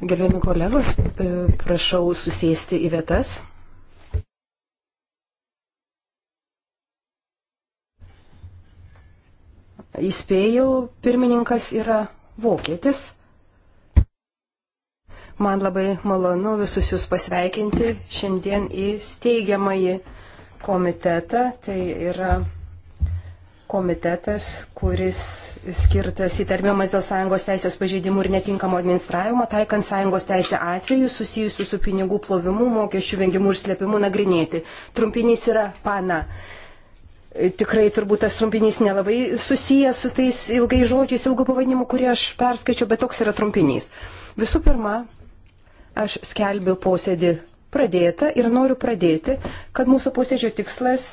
Gerbiami kolegos, e, prašau susėsti į vietas. Įspėjau, pirmininkas yra vokietis. Man labai malonu visus jūs pasveikinti šiandien į steigiamąjį komitetą. Tai yra komitetas, kuris skirtas įtarbiamas dėl sąjungos teisės pažeidimų ir netinkamo administravimo, taikant sąjungos teisę atveju susijusių su pinigų plovimu, mokesčių vengimu ir slėpimu nagrinėti. Trumpinys yra pana. Tikrai turbūt tas trumpinys nelabai susijęs su tais ilgai žodžiais, ilgu pavadinimu, kurį aš perskaičiau, bet toks yra trumpinys. Visų pirma, aš skelbiu posėdį pradėtą ir noriu pradėti, kad mūsų posėdžio tikslas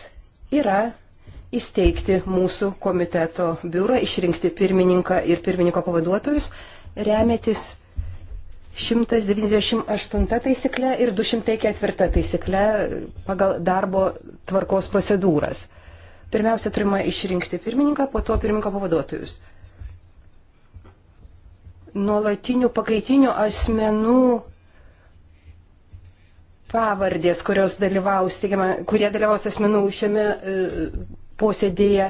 yra įsteigti mūsų komiteto biurą, išrinkti pirmininką ir pirmininko pavaduotojus, remiantis 198 taisykle ir 204 taisykle pagal darbo tvarkos procedūras. Pirmiausia, turime išrinkti pirmininką, po to pirmininko pavaduotojus. Nuolatinių pakaitinių asmenų pavardės, dalyvaus, teigiama, kurie dalyvaus asmenų šiame e, posėdėje.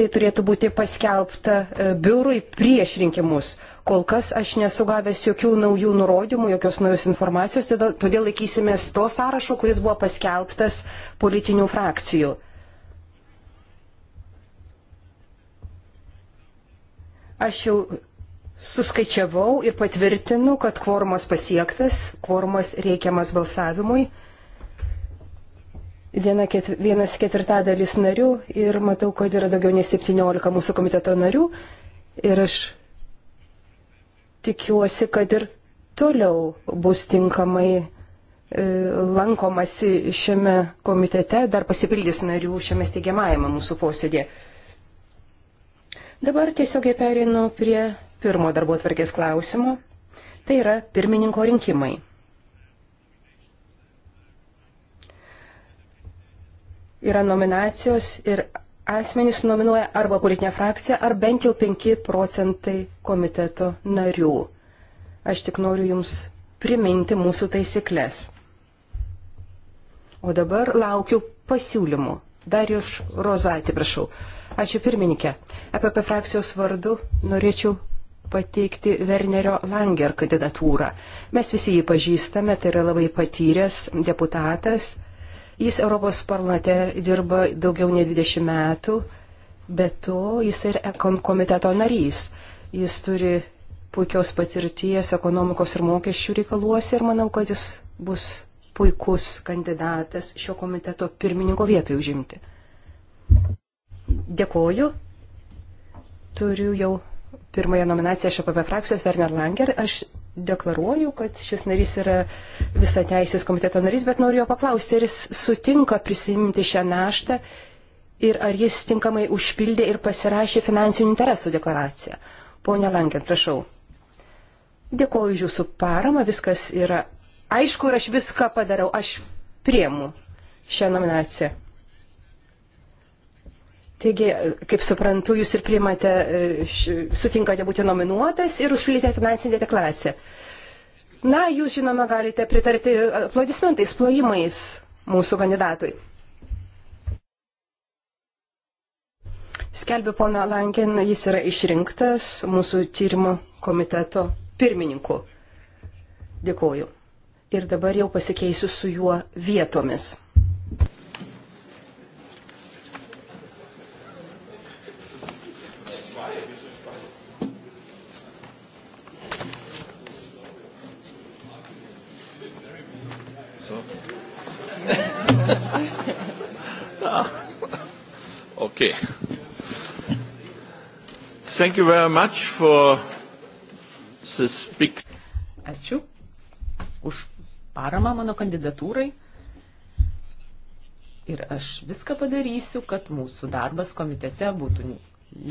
Tai turėtų būti paskelbta e, biurui prieš rinkimus. Kol kas aš nesu gavęs jokių naujų nurodymų, jokios naujos informacijos, todėl laikysimės to sąrašo, kuris buvo paskelbtas politinių frakcijų. Aš jau suskaičiavau ir patvirtinu, kad kvormas pasiektas, kvormas reikiamas balsavimui viena ket, vienas ketvirtadalis narių ir matau, kad yra daugiau nei 17 mūsų komiteto narių. Ir aš tikiuosi, kad ir toliau bus tinkamai e, lankomasi šiame komitete, dar pasipildys narių šiame steigiamajame mūsų posėdėje. Dabar tiesiogiai perinu prie pirmo darbo atvarkės klausimo. Tai yra pirmininko rinkimai. yra nominacijos ir asmenys nominuoja arba politinė frakcija, ar bent jau 5 procentai komiteto narių. Aš tik noriu Jums priminti mūsų taisyklės. O dabar laukiu pasiūlymų. Darius Rozatį, prašau. Ačiū pirmininkė. EPP frakcijos vardu norėčiau pateikti Wernerio Langer kandidatūrą. Mes visi jį pažįstame, tai yra labai patyręs deputatas, Jis Europos parlamente dirba daugiau nei 20 metų, bet to jis ir komiteto narys. Jis turi puikios patirties ekonomikos ir mokesčių reikaluose ir manau, kad jis bus puikus kandidatas šio komiteto pirmininko vietoj užimti. Dėkoju. Turiu jau pirmąją nominaciją iš APP frakcijos Werner Langer. Aš deklaruoju, kad šis narys yra visą teisės komiteto narys, bet noriu jo paklausti, ar jis sutinka prisimti šią naštą ir ar jis tinkamai užpildė ir pasirašė finansinių interesų deklaraciją. Pone Lankent, prašau. Dėkuoju už jūsų paramą, viskas yra aišku ir aš viską padarau, aš priemu šią nominaciją. Taigi, kaip suprantu, jūs ir priimate, e, sutinkate būti nominuotas ir užpildėte finansinę deklaraciją. Na, jūs žinoma galite pritarti aplodismentais, plojimais mūsų kandidatui. Skelbė pona Lankin, jis yra išrinktas mūsų tyrimo komiteto pirmininku. Dėkuoju. Ir dabar jau pasikeisiu su juo vietomis. So. okay. Thank you very much for this big. Ačiū už paramą mano kandidatūrai. Ir aš viską padarysiu, kad mūsų darbas komitete būtų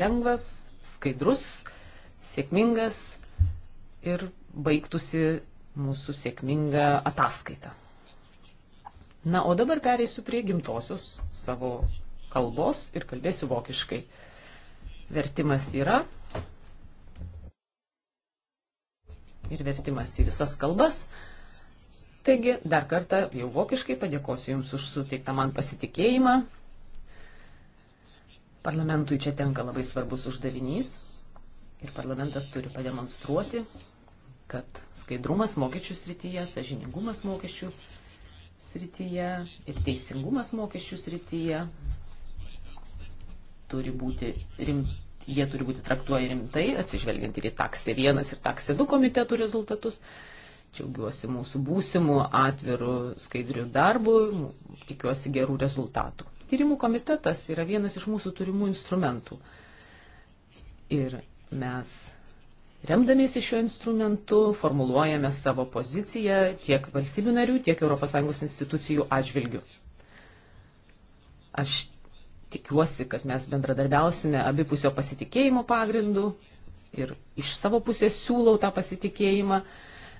lengvas, skaidrus, sėkmingas ir baigtųsi mūsų sėkmingą ataskaitą. Na, o dabar pereisiu prie gimtosios savo kalbos ir kalbėsiu vokiškai. Vertimas yra. Ir vertimas į visas kalbas. Taigi, dar kartą jau vokiškai padėkosiu Jums už suteiktą man pasitikėjimą. Parlamentui čia tenka labai svarbus uždavinys ir parlamentas turi pademonstruoti, kad skaidrumas mokesčių srityje, sažiningumas mokesčių srityje ir teisingumas mokesčių srityje turi būti rimti. Jie turi būti traktuojami rimtai, atsižvelgiant ir į taksė 1 ir taksė 2 komitetų rezultatus. Džiaugiuosi mūsų būsimų atvirų skaidrių darbų, tikiuosi gerų rezultatų. Tyrimų komitetas yra vienas iš mūsų turimų instrumentų. Ir mes Remdamiesi šiuo instrumentu formuluojame savo poziciją tiek valstybių narių, tiek ES institucijų atžvilgių. Aš tikiuosi, kad mes bendradarbiausime abipusio pasitikėjimo pagrindų ir iš savo pusės siūlau tą pasitikėjimą,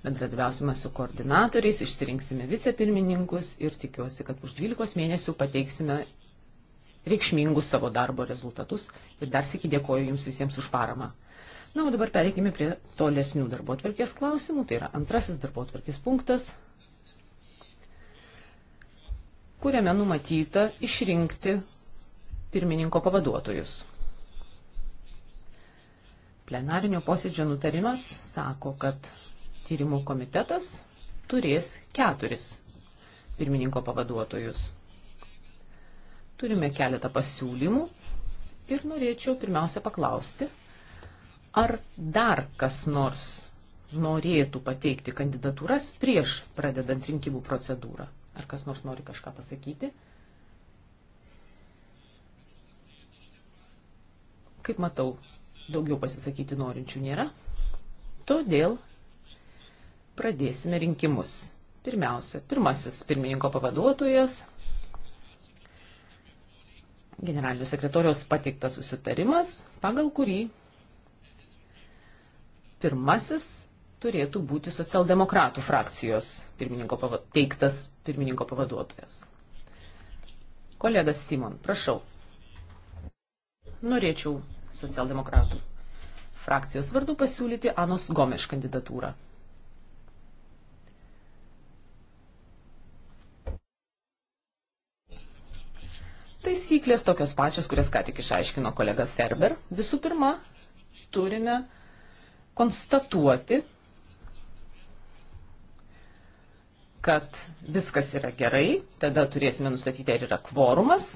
bendradarbiausime su koordinatoriais, išsirinksime vicepirmininkus ir tikiuosi, kad už 12 mėnesių pateiksime reikšmingus savo darbo rezultatus ir dar sėki dėkoju Jums visiems už paramą. Na, o dabar pereikime prie tolesnių darbo atvarkės klausimų. Tai yra antrasis darbo atvarkės punktas, kuriame numatyta išrinkti pirmininko pavaduotojus. Plenarinio posėdžio nutarimas sako, kad tyrimų komitetas turės keturis pirmininko pavaduotojus. Turime keletą pasiūlymų ir norėčiau pirmiausia paklausti, Ar dar kas nors norėtų pateikti kandidatūras prieš pradedant rinkimų procedūrą? Ar kas nors nori kažką pasakyti? Kaip matau, daugiau pasisakyti norinčių nėra. Todėl pradėsime rinkimus. Pirmiausia, pirmasis pirmininko pavaduotojas, generalinio sekretorijos pateiktas susitarimas, pagal kurį Pirmasis turėtų būti socialdemokratų frakcijos pirmininko pava teiktas pirmininko pavaduotojas. Kolegas Simon, prašau. Norėčiau socialdemokratų frakcijos vardu pasiūlyti Anos Gomeš kandidatūrą. Taisyklės tokios pačios, kurias ką tik išaiškino kolega Ferber. Visų pirma, turime konstatuoti, kad viskas yra gerai, tada turėsime nustatyti, ar yra kvorumas.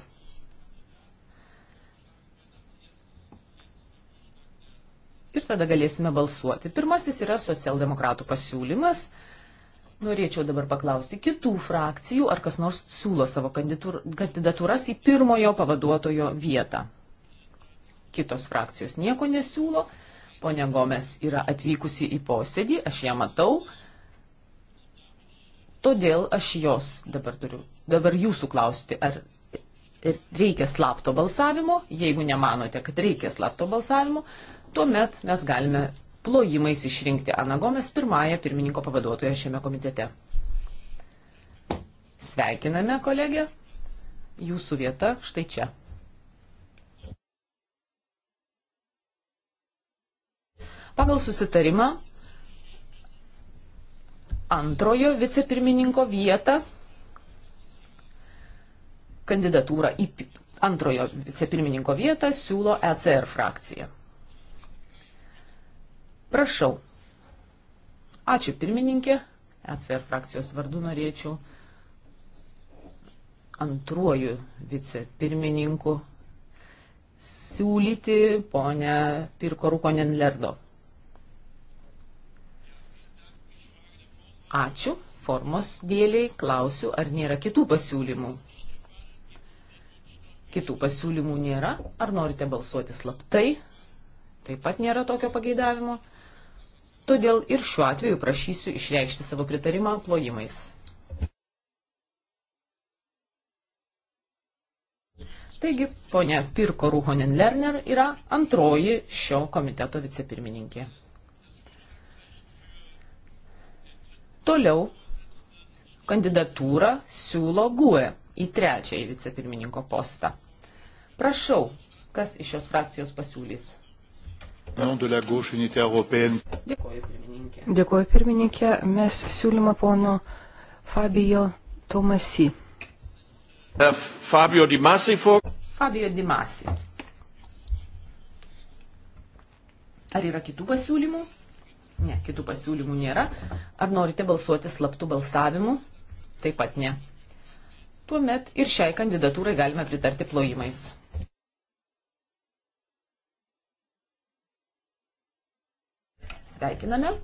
Ir tada galėsime balsuoti. Pirmasis yra socialdemokratų pasiūlymas. Norėčiau dabar paklausti kitų frakcijų, ar kas nors siūlo savo kandidatūras į pirmojo pavaduotojo vietą. Kitos frakcijos nieko nesiūlo. Pone Gomes yra atvykusi į posėdį, aš ją matau, todėl aš jos dabar turiu, dabar jūsų klausti, ar reikia slapto balsavimo, jeigu nemanote, kad reikia slapto balsavimo, tuomet mes galime plojimais išrinkti Ana Gomes pirmąją pirmininko pavaduotoją šiame komitete. Sveikiname, kolegė, jūsų vieta štai čia. Pagal susitarimą antrojo vicepirmininko vietą, kandidatūrą į antrojo vicepirmininko vietą siūlo ECR frakcija. Prašau. Ačiū pirmininkė. ECR frakcijos vardu norėčiau antruoju vicepirmininku siūlyti ponę Pirko Rukonen Lerdo. Ačiū, formos dėliai klausiu, ar nėra kitų pasiūlymų. Kitų pasiūlymų nėra, ar norite balsuoti slaptai, taip pat nėra tokio pageidavimo. Todėl ir šiuo atveju prašysiu išreikšti savo pritarimą plojimais. Taigi, ponia Pirko Ruhonen Lerner yra antroji šio komiteto vicepirmininkė. Toliau kandidatūrą siūlo GUE į trečiąjį vicepirmininko postą. Prašau, kas iš šios frakcijos pasiūlys? Dėkuoju pirmininkė. Dėkuoju pirmininkė. Mes siūlymą pono Fabio Tomasi. Uh, Fabio Di Masi. For... Fabio Di Masi. Ar yra kitų pasiūlymų? Ne, kitų pasiūlymų nėra. Ar norite balsuoti slaptų balsavimų? Taip pat ne. Tuomet ir šiai kandidatūrai galime pritarti plojimais. Sveikiname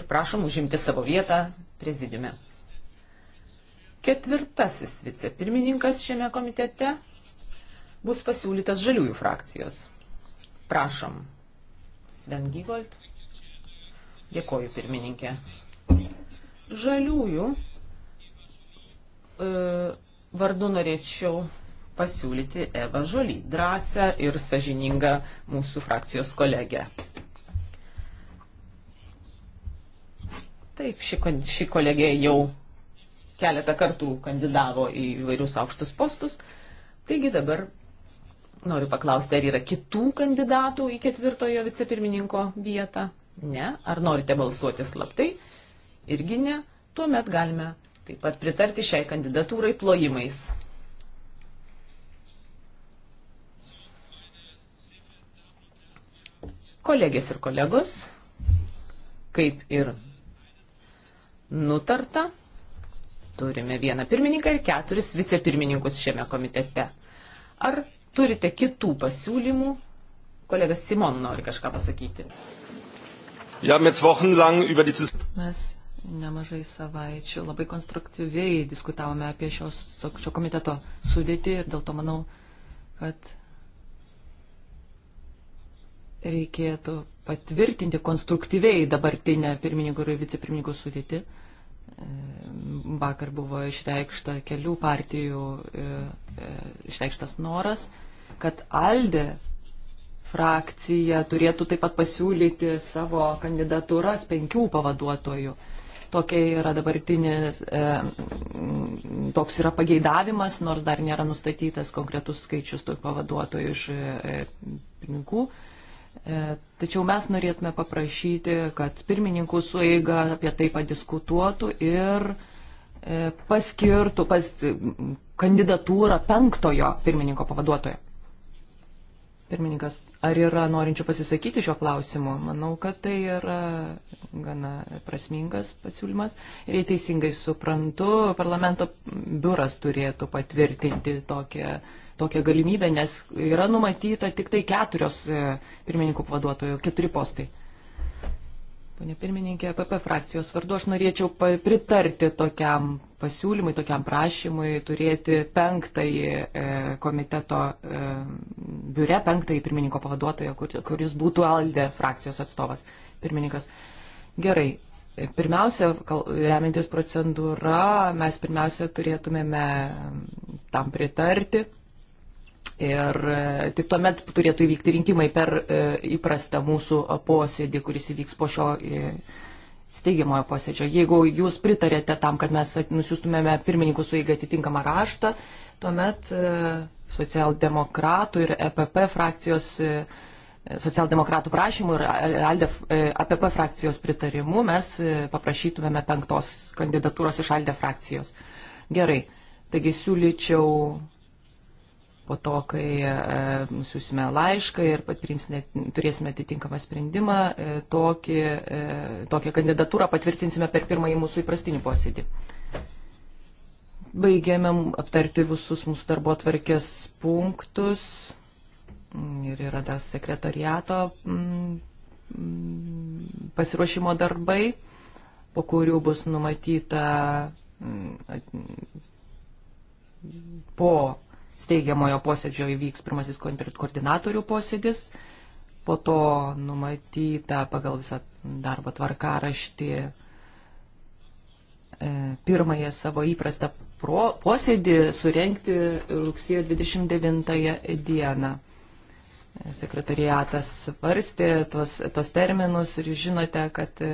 ir prašom užimti savo vietą prezidiume. Ketvirtasis vicepirmininkas šiame komitete bus pasiūlytas žaliųjų frakcijos. Prašom Sven Gigold. Dėkoju, pirmininkė. Žaliųjų e, vardu norėčiau pasiūlyti Eva Žolį, drąsią ir sažiningą mūsų frakcijos kolegę. Taip, ši, ši kolegė jau keletą kartų kandidavo į vairius aukštus postus, taigi dabar Noriu paklausti, ar yra kitų kandidatų į ketvirtojo vicepirmininko vietą? Ne. Ar norite balsuoti slaptai? Irgi ne. Tuomet galime taip pat pritarti šiai kandidatūrai plojimais. Kolegės ir kolegos, kaip ir nutarta, turime vieną pirmininką ir keturis vicepirmininkus šiame komitete. Ar turite kitų pasiūlymų? Kolegas Simon nori kažką pasakyti. Mes nemažai savaičių labai konstruktyviai diskutavome apie šios, šio komiteto sudėtį ir dėl to manau, kad reikėtų patvirtinti konstruktyviai dabartinę pirmininkų ir vicepirmininkų sudėtį. Vakar buvo išreikšta kelių partijų e, e, išreikštas noras kad Aldė frakcija turėtų taip pat pasiūlyti savo kandidatūras penkių pavaduotojų. Tokia yra dabartinis, e, toks yra pageidavimas, nors dar nėra nustatytas konkretus skaičius tų pavaduotojų iš e, e, pinigų. E, tačiau mes norėtume paprašyti, kad pirmininkų sueiga apie tai padiskutuotų ir e, paskirtų pas, kandidatūrą penktojo pirmininko pavaduotojo. Pirmininkas, ar yra norinčių pasisakyti šiuo klausimu? Manau, kad tai yra gana prasmingas pasiūlymas. Ir jei teisingai suprantu, parlamento biuras turėtų patvirtinti tokią, tokią galimybę, nes yra numatyta tik tai keturios e, pirmininkų pavaduotojų, keturi postai. Pone pirmininkė, PP frakcijos vardu aš norėčiau pritarti tokiam pasiūlymui, tokiam prašymui turėti penktąjį e, komiteto e, biure, penktąjį pirmininko pavaduotoją, kur, kuris būtų Alde frakcijos atstovas. Pirmininkas. Gerai. Pirmiausia, remiantis procedūra, mes pirmiausia turėtumėme tam pritarti Ir e, tik tuomet turėtų įvykti rinkimai per e, įprastą mūsų posėdį, kuris įvyks po šio e, steigiamojo posėdžio. Jeigu jūs pritarėte tam, kad mes nusiųstumėme pirmininkų sueigą atitinkamą raštą, tuomet socialdemokratų ir EPP frakcijos, socialdemokratų prašymų ir ALDE, APP frakcijos pritarimu mes paprašytumėme penktos kandidatūros iš ALDE frakcijos. Gerai, taigi siūlyčiau po to, kai nusiusime e, laišką ir turėsime atitinkamą sprendimą, e, tokį, e, tokią kandidatūrą patvirtinsime per pirmąjį mūsų įprastinį posėdį. Baigėme aptarti visus mūsų darbo tvarkės punktus ir yra dar sekretariato pasiruošimo darbai, po kurių bus numatyta po steigiamojo posėdžio įvyks pirmasis koordinatorių posėdis, po to numatyta pagal visą darbo tvarkaraštį e, pirmąją savo įprastą pro, posėdį surenkti rugsėjo 29 dieną. E, sekretariatas svarstė tos, tos terminus ir žinote, kad e,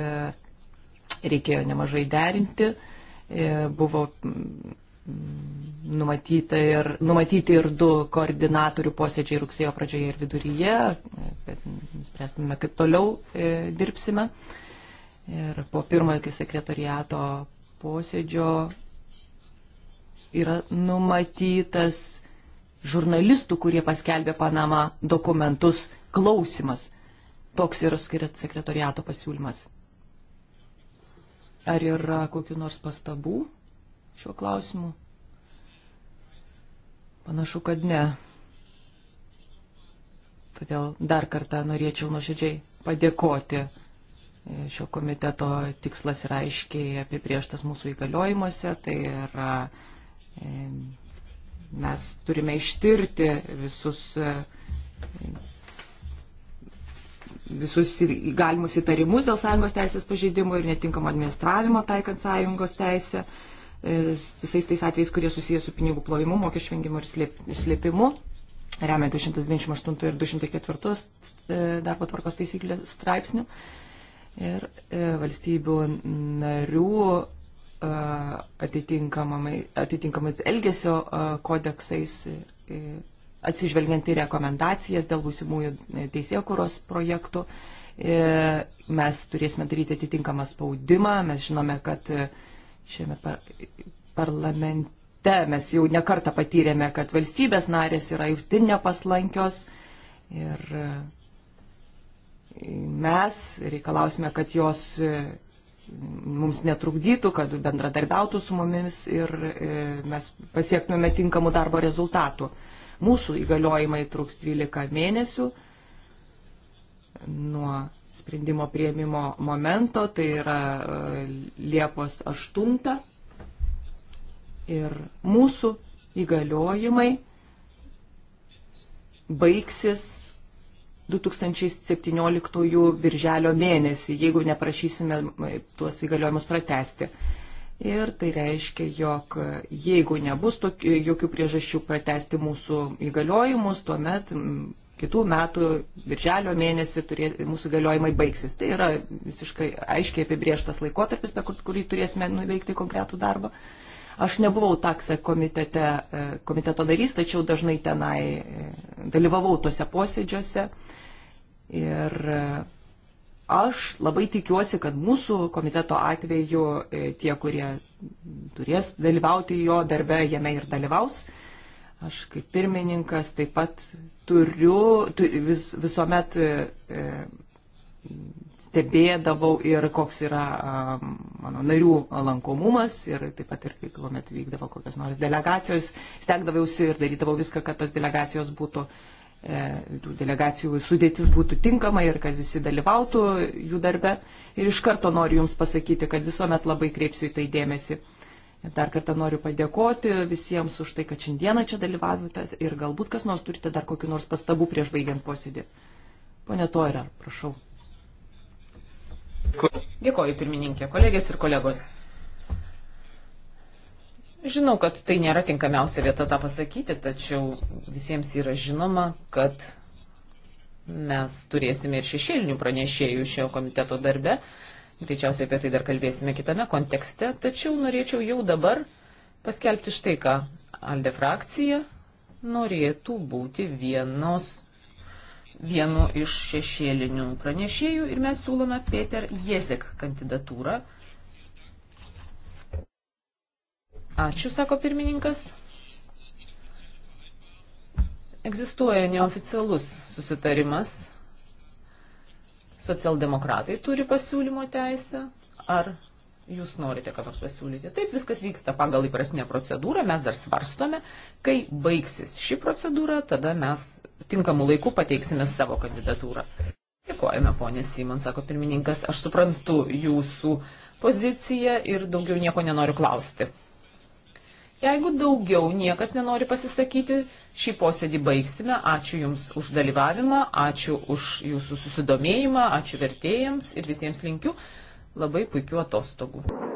reikėjo nemažai derinti. Buvo numatyti ir, numatyti ir du koordinatorių posėdžiai rugsėjo pradžioje ir viduryje, kad spręstume, kaip toliau e, dirbsime. Ir po pirmojo sekretoriato posėdžio yra numatytas žurnalistų, kurie paskelbė Panamą dokumentus, klausimas. Toks yra sekretoriato pasiūlymas. Ar yra kokiu nors pastabų? šiuo klausimu? Panašu, kad ne. Todėl dar kartą norėčiau nuoširdžiai padėkoti. Šio komiteto tikslas yra aiškiai apibrieštas mūsų įgaliojimuose, tai yra mes turime ištirti visus, visus galimus įtarimus dėl sąjungos teisės pažeidimų ir netinkamo administravimo taikant sąjungos teisę. E, visais tais atvejais, kurie susijęs su pinigų plovimu, mokesčių vengimu ir slėpimu, remiant 128 ir 204 e, darbo tvarkos taisyklių straipsnių. Ir e, valstybių narių atitinkamais elgesio kodeksais, atsižvelgiant į rekomendacijas dėl būsimųjų teisėkuros projektų, mes turėsime daryti atitinkamą spaudimą. Mes žinome, kad šiame par parlamente. Mes jau nekartą patyrėme, kad valstybės narės yra itin nepaslankios ir e, mes reikalausime, kad jos e, mums netrukdytų, kad bendradarbiautų su mumis ir e, mes pasiektumėme tinkamų darbo rezultatų. Mūsų įgaliojimai truks 12 mėnesių nuo sprendimo prieimimo momento, tai yra e, Liepos 8. Ir mūsų įgaliojimai baigsis 2017 birželio mėnesį, jeigu neprašysime tuos įgaliojimus pratesti. Ir tai reiškia, jog jeigu nebus tokių, jokių priežasčių pratesti mūsų įgaliojimus, tuomet kitų metų birželio mėnesį turė, mūsų įgaliojimai baigsis. Tai yra visiškai aiškiai apibrieštas laikotarpis, per kurį turėsime nuveikti konkretų darbą. Aš nebuvau taksą komitete, e, komiteto narys, tačiau dažnai tenai e, dalyvavau tuose posėdžiuose. Ir Aš labai tikiuosi, kad mūsų komiteto atveju e, tie, kurie turės dalyvauti jo darbe, jame ir dalyvaus. Aš kaip pirmininkas taip pat turiu, tu, vis, visuomet e, stebėdavau ir koks yra um, mano narių lankomumas ir taip pat ir kai kuomet vykdavo kokios nors delegacijos, stengdavausi ir darydavau viską, kad tos delegacijos būtų uh, E, tų delegacijų sudėtis būtų tinkama ir kad visi dalyvautų jų darbe. Ir iš karto noriu Jums pasakyti, kad visuomet labai kreipsiu į tai dėmesį. Dar kartą noriu padėkoti visiems už tai, kad šiandieną čia dalyvavote ir galbūt kas nors turite dar kokiu nors pastabų prieš baigiant posėdį. Pone Toirar, prašau. Dėkoju, pirmininkė, kolegės ir kolegos. Žinau, kad tai nėra tinkamiausia vieta tą pasakyti, tačiau visiems yra žinoma, kad mes turėsime ir šešėlinių pranešėjų šio komiteto darbe. Greičiausiai apie tai dar kalbėsime kitame kontekste, tačiau norėčiau jau dabar paskelbti štai ką. Alde frakcija norėtų būti vienos, vienu iš šešėlinių pranešėjų ir mes siūlome Peter Jezek kandidatūrą Ačiū, sako pirmininkas. Egzistuoja neoficialus susitarimas. Socialdemokratai turi pasiūlymo teisę. Ar jūs norite ką nors pasiūlyti. Taip viskas vyksta pagal įprasnę procedūrą, mes dar svarstome, kai baigsis ši procedūra, tada mes tinkamu laiku pateiksime savo kandidatūrą. Dėkojame, ponė Simon, sako pirmininkas, aš suprantu jūsų poziciją ir daugiau nieko nenoriu klausti. Jeigu daugiau niekas nenori pasisakyti, šį posėdį baigsime. Ačiū Jums už dalyvavimą, ačiū už Jūsų susidomėjimą, ačiū vertėjams ir visiems linkiu labai puikių atostogų.